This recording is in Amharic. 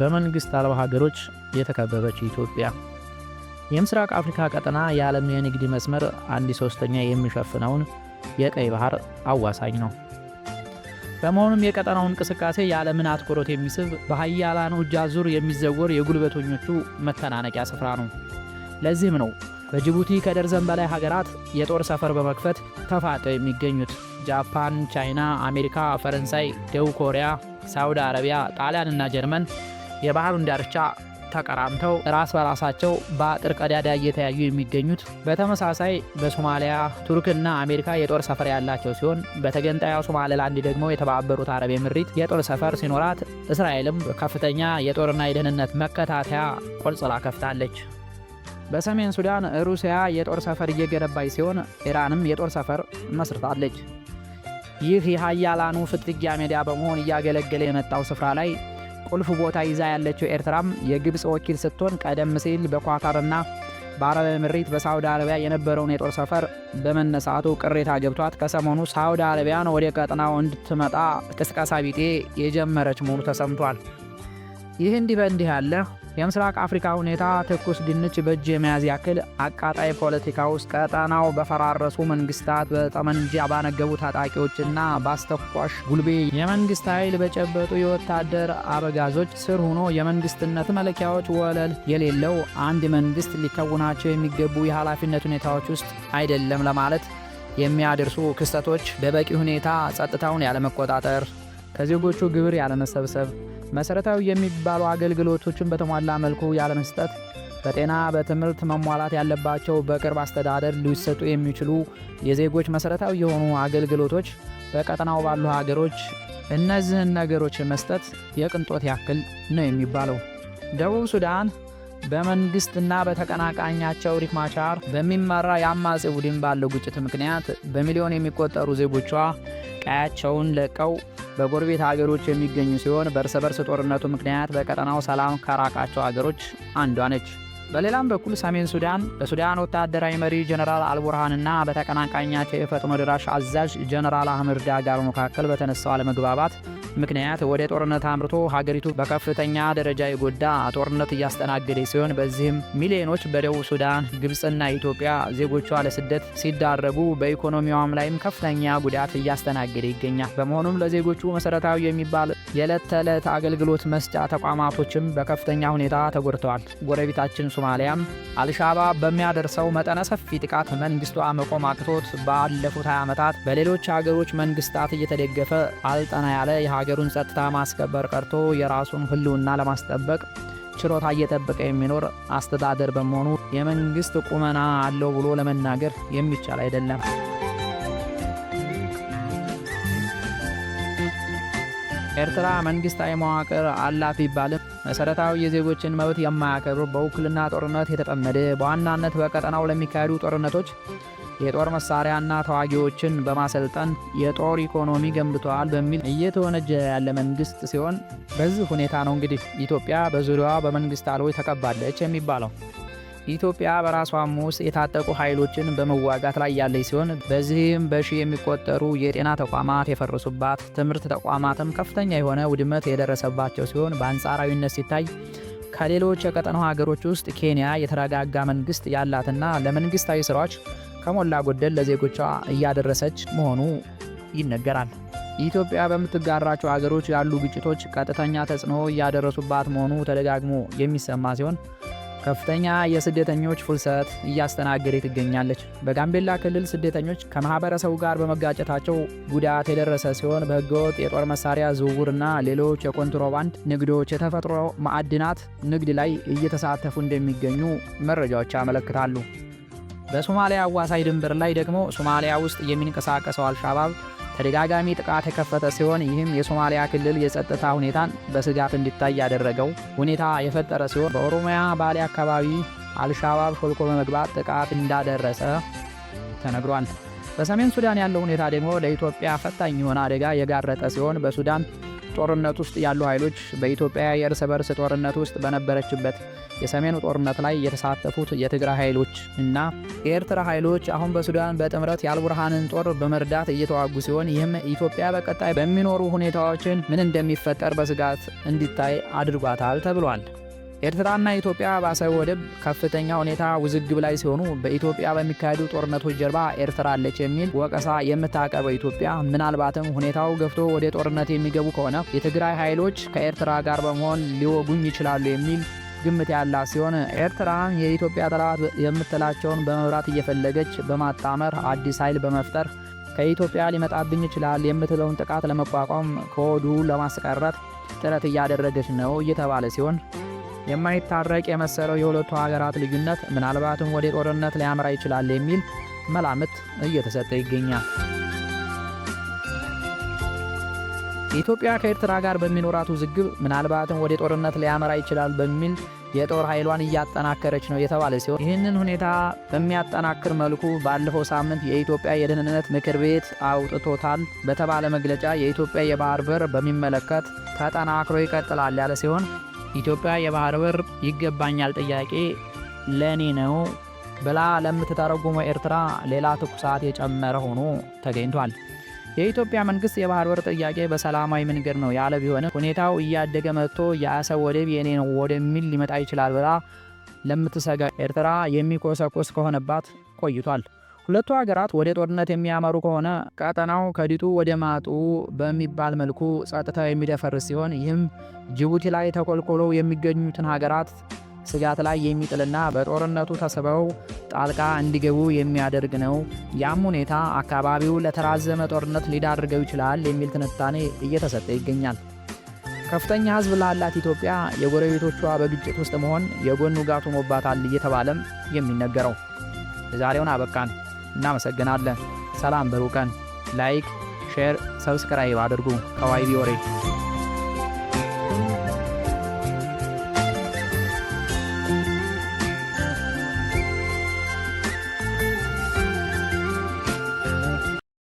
በመንግሥት አልባ ሀገሮች የተከበበች ኢትዮጵያ የምስራቅ አፍሪካ ቀጠና የዓለም የንግድ መስመር አንድ ሦስተኛ የሚሸፍነውን የቀይ ባህር አዋሳኝ ነው። በመሆኑም የቀጠናው እንቅስቃሴ የዓለምን አትኩሮት የሚስብ በሀያላኑ እጅ አዙር የሚዘወር የጉልበተኞቹ መተናነቂያ ስፍራ ነው። ለዚህም ነው በጅቡቲ ከደርዘን በላይ ሀገራት የጦር ሰፈር በመክፈት ተፋጠው የሚገኙት። ጃፓን፣ ቻይና፣ አሜሪካ፣ ፈረንሳይ፣ ደቡብ ኮሪያ፣ ሳውዲ አረቢያ፣ ጣሊያን እና ጀርመን የባህሩን ዳርቻ ተቀራምተው ራስ በራሳቸው በአጥር ቀዳዳ እየተያዩ የሚገኙት በተመሳሳይ በሶማሊያ ቱርክና አሜሪካ የጦር ሰፈር ያላቸው ሲሆን በተገንጣዩ ሶማሌላንድ ደግሞ የተባበሩት አረብ ምሪት የጦር ሰፈር ሲኖራት እስራኤልም ከፍተኛ የጦርና የደህንነት መከታተያ ቆልጽላ ከፍታለች። በሰሜን ሱዳን ሩሲያ የጦር ሰፈር እየገነባች ሲሆን ኢራንም የጦር ሰፈር መስርታለች። ይህ የሀያላኑ ፍትጊያ ሜዳ በመሆን እያገለገለ የመጣው ስፍራ ላይ ቁልፍ ቦታ ይዛ ያለችው ኤርትራም የግብፅ ወኪል ስትሆን ቀደም ሲል በኳታርና በአረብ ምሪት በሳውዲ አረቢያ የነበረውን የጦር ሰፈር በመነሳቱ ቅሬታ ገብቷት ከሰሞኑ ሳውዲ አረቢያን ወደ ቀጠናው እንድትመጣ ቅስቀሳ ቢጤ የጀመረች መሆኑ ተሰምቷል። ይህ እንዲህ በእንዲህ ያለ የምስራቅ አፍሪካ ሁኔታ ትኩስ ድንች በእጅ የመያዝ ያክል አቃጣይ ፖለቲካ ውስጥ ቀጠናው በፈራረሱ መንግስታት፣ በጠመንጃ ባነገቡ ታጣቂዎችና በአስተኳሽ ጉልቤ የመንግስት ኃይል በጨበጡ የወታደር አበጋዞች ስር ሆኖ የመንግስትነት መለኪያዎች ወለል የሌለው አንድ መንግስት ሊከውናቸው የሚገቡ የኃላፊነት ሁኔታዎች ውስጥ አይደለም ለማለት የሚያደርሱ ክስተቶች በበቂ ሁኔታ ጸጥታውን ያለመቆጣጠር፣ ከዜጎቹ ግብር ያለመሰብሰብ መሰረታዊ የሚባሉ አገልግሎቶችን በተሟላ መልኩ ያለመስጠት፣ በጤና በትምህርት መሟላት ያለባቸው በቅርብ አስተዳደር ሊሰጡ የሚችሉ የዜጎች መሰረታዊ የሆኑ አገልግሎቶች በቀጠናው ባሉ ሀገሮች እነዚህን ነገሮች መስጠት የቅንጦት ያክል ነው የሚባለው። ደቡብ ሱዳን በመንግሥትና በተቀናቃኛቸው ሪክ ማቻር በሚመራ የአማጺ ቡድን ባለው ግጭት ምክንያት በሚሊዮን የሚቆጠሩ ዜጎቿ ቀያቸውን ለቀው በጎረቤት ሀገሮች የሚገኙ ሲሆን በእርስ በርስ ጦርነቱ ምክንያት በቀጠናው ሰላም ከራቃቸው ሀገሮች አንዷ ነች። በሌላም በኩል ሰሜን ሱዳን በሱዳን ወታደራዊ መሪ ጀነራል አልቡርሃንና በተቀናቃኛቸው የፈጥኖ ድራሽ አዛዥ ጀነራል አህመድ ዳጋር መካከል በተነሳው አለመግባባት ምክንያት ወደ ጦርነት አምርቶ ሀገሪቱ በከፍተኛ ደረጃ የጎዳ ጦርነት እያስተናገደ ሲሆን በዚህም ሚሊዮኖች በደቡብ ሱዳን፣ ግብፅና ኢትዮጵያ ዜጎቿ ለስደት ሲዳረጉ በኢኮኖሚዋም ላይም ከፍተኛ ጉዳት እያስተናገደ ይገኛል። በመሆኑም ለዜጎቹ መሰረታዊ የሚባል የዕለት ተዕለት አገልግሎት መስጫ ተቋማቶችም በከፍተኛ ሁኔታ ተጎድተዋል። ጎረቤታችን ሶማሊያም አልሻባብ በሚያደርሰው መጠነ ሰፊ ጥቃት መንግስቷ መቆም አቅቶት ባለፉት 20 ዓመታት በሌሎች ሀገሮች መንግስታት እየተደገፈ አልጠና ያለ የሀገሩን ጸጥታ ማስከበር ቀርቶ የራሱን ህልውና ለማስጠበቅ ችሮታ እየጠበቀ የሚኖር አስተዳደር በመሆኑ የመንግስት ቁመና አለው ብሎ ለመናገር የሚቻል አይደለም። ኤርትራ መንግስታዊ መዋቅር አላት ቢባልም መሰረታዊ የዜጎችን መብት የማያከብር በውክልና ጦርነት የተጠመደ በዋናነት በቀጠናው ለሚካሄዱ ጦርነቶች የጦር መሳሪያና ተዋጊዎችን በማሰልጠን የጦር ኢኮኖሚ ገንብተዋል በሚል እየተወነጀ ያለ መንግስት ሲሆን በዚህ ሁኔታ ነው እንግዲህ ኢትዮጵያ በዙሪያዋ በመንግስት አልቦች ተከባለች የሚባለው። ኢትዮጵያ በራሷም ውስጥ የታጠቁ ኃይሎችን በመዋጋት ላይ ያለች ሲሆን በዚህም በሺ የሚቆጠሩ የጤና ተቋማት የፈረሱባት፣ ትምህርት ተቋማትም ከፍተኛ የሆነ ውድመት የደረሰባቸው ሲሆን በአንጻራዊነት ሲታይ ከሌሎች የቀጠናው ሀገሮች ውስጥ ኬንያ የተረጋጋ መንግስት ያላትና ለመንግስታዊ ስራዎች ከሞላ ጎደል ለዜጎቿ እያደረሰች መሆኑ ይነገራል። ኢትዮጵያ በምትጋራቸው ሀገሮች ያሉ ግጭቶች ቀጥተኛ ተጽዕኖ እያደረሱባት መሆኑ ተደጋግሞ የሚሰማ ሲሆን ከፍተኛ የስደተኞች ፍልሰት እያስተናገደ ትገኛለች። በጋምቤላ ክልል ስደተኞች ከማህበረሰቡ ጋር በመጋጨታቸው ጉዳት የደረሰ ሲሆን በህገወጥ የጦር መሳሪያ ዝውውርና ሌሎች የኮንትሮባንድ ንግዶች የተፈጥሮ ማዕድናት ንግድ ላይ እየተሳተፉ እንደሚገኙ መረጃዎች ያመለክታሉ። በሶማሊያ አዋሳኝ ድንበር ላይ ደግሞ ሶማሊያ ውስጥ የሚንቀሳቀሰው አልሻባብ ተደጋጋሚ ጥቃት የከፈተ ሲሆን ይህም የሶማሊያ ክልል የጸጥታ ሁኔታን በስጋት እንዲታይ ያደረገው ሁኔታ የፈጠረ ሲሆን በኦሮሚያ ባሌ አካባቢ አልሻባብ ሾልኮ በመግባት ጥቃት እንዳደረሰ ተነግሯል። በሰሜን ሱዳን ያለው ሁኔታ ደግሞ ለኢትዮጵያ ፈታኝ የሆነ አደጋ የጋረጠ ሲሆን በሱዳን ጦርነት ውስጥ ያሉ ኃይሎች በኢትዮጵያ የእርስ በርስ ጦርነት ውስጥ በነበረችበት የሰሜኑ ጦርነት ላይ የተሳተፉት የትግራይ ኃይሎች እና የኤርትራ ኃይሎች አሁን በሱዳን በጥምረት የአልቡርሃንን ጦር በመርዳት እየተዋጉ ሲሆን ይህም ኢትዮጵያ በቀጣይ በሚኖሩ ሁኔታዎችን ምን እንደሚፈጠር በስጋት እንዲታይ አድርጓታል ተብሏል። ኤርትራና ኢትዮጵያ በአሰብ ወደብ ከፍተኛ ሁኔታ ውዝግብ ላይ ሲሆኑ በኢትዮጵያ በሚካሄዱ ጦርነቶች ጀርባ ኤርትራ አለች የሚል ወቀሳ የምታቀርበው ኢትዮጵያ ምናልባትም ሁኔታው ገፍቶ ወደ ጦርነት የሚገቡ ከሆነ የትግራይ ኃይሎች ከኤርትራ ጋር በመሆን ሊወጉኝ ይችላሉ የሚል ግምት ያላት ሲሆን ኤርትራ የኢትዮጵያ ጠላት የምትላቸውን በመብራት እየፈለገች በማጣመር አዲስ ኃይል በመፍጠር ከኢትዮጵያ ሊመጣብኝ ይችላል የምትለውን ጥቃት ለመቋቋም ከወዱ ለማስቀረት ጥረት እያደረገች ነው እየተባለ ሲሆን የማይታረቅ የመሰለው የሁለቱ ሀገራት ልዩነት ምናልባትም ወደ ጦርነት ሊያምራ ይችላል የሚል መላምት እየተሰጠ ይገኛል። ኢትዮጵያ ከኤርትራ ጋር በሚኖራት ውዝግብ ምናልባትም ወደ ጦርነት ሊያመራ ይችላል በሚል የጦር ኃይሏን እያጠናከረች ነው የተባለ ሲሆን ይህንን ሁኔታ በሚያጠናክር መልኩ ባለፈው ሳምንት የኢትዮጵያ የደህንነት ምክር ቤት አውጥቶታል በተባለ መግለጫ የኢትዮጵያ የባህር በር በሚመለከት ተጠናክሮ ይቀጥላል ያለ ሲሆን ኢትዮጵያ የባህር በር ይገባኛል ጥያቄ ለእኔ ነው ብላ ለምትተረጉመው ኤርትራ ሌላ ትኩሳት የጨመረ ሆኖ ተገኝቷል። የኢትዮጵያ መንግስት የባህር በር ጥያቄ በሰላማዊ መንገድ ነው ያለ ቢሆንም ሁኔታው እያደገ መጥቶ የአሰብ ወደብ የኔ ነው ወደሚል ሊመጣ ይችላል ብላ ለምትሰጋ ኤርትራ የሚኮሰኮስ ከሆነባት ቆይቷል። ሁለቱ ሀገራት ወደ ጦርነት የሚያመሩ ከሆነ ቀጠናው ከዲጡ ወደ ማጡ በሚባል መልኩ ጸጥታ የሚደፈርስ ሲሆን ይህም ጅቡቲ ላይ ተቆልቆለው የሚገኙትን ሀገራት ስጋት ላይ የሚጥልና በጦርነቱ ተስበው ጣልቃ እንዲገቡ የሚያደርግ ነው። ያም ሁኔታ አካባቢው ለተራዘመ ጦርነት ሊዳርገው ይችላል የሚል ትንታኔ እየተሰጠ ይገኛል። ከፍተኛ ሕዝብ ላላት ኢትዮጵያ የጎረቤቶቿ በግጭት ውስጥ መሆን የጎን ውጋቱ ሞባታል እየተባለም የሚነገረው የዛሬውን አበቃን። እናመሰግናለን። ሰላም በሩቀን ላይክ፣ ሼር፣ ሰብስክራይብ አድርጉ። ከዋይቢ ወሬ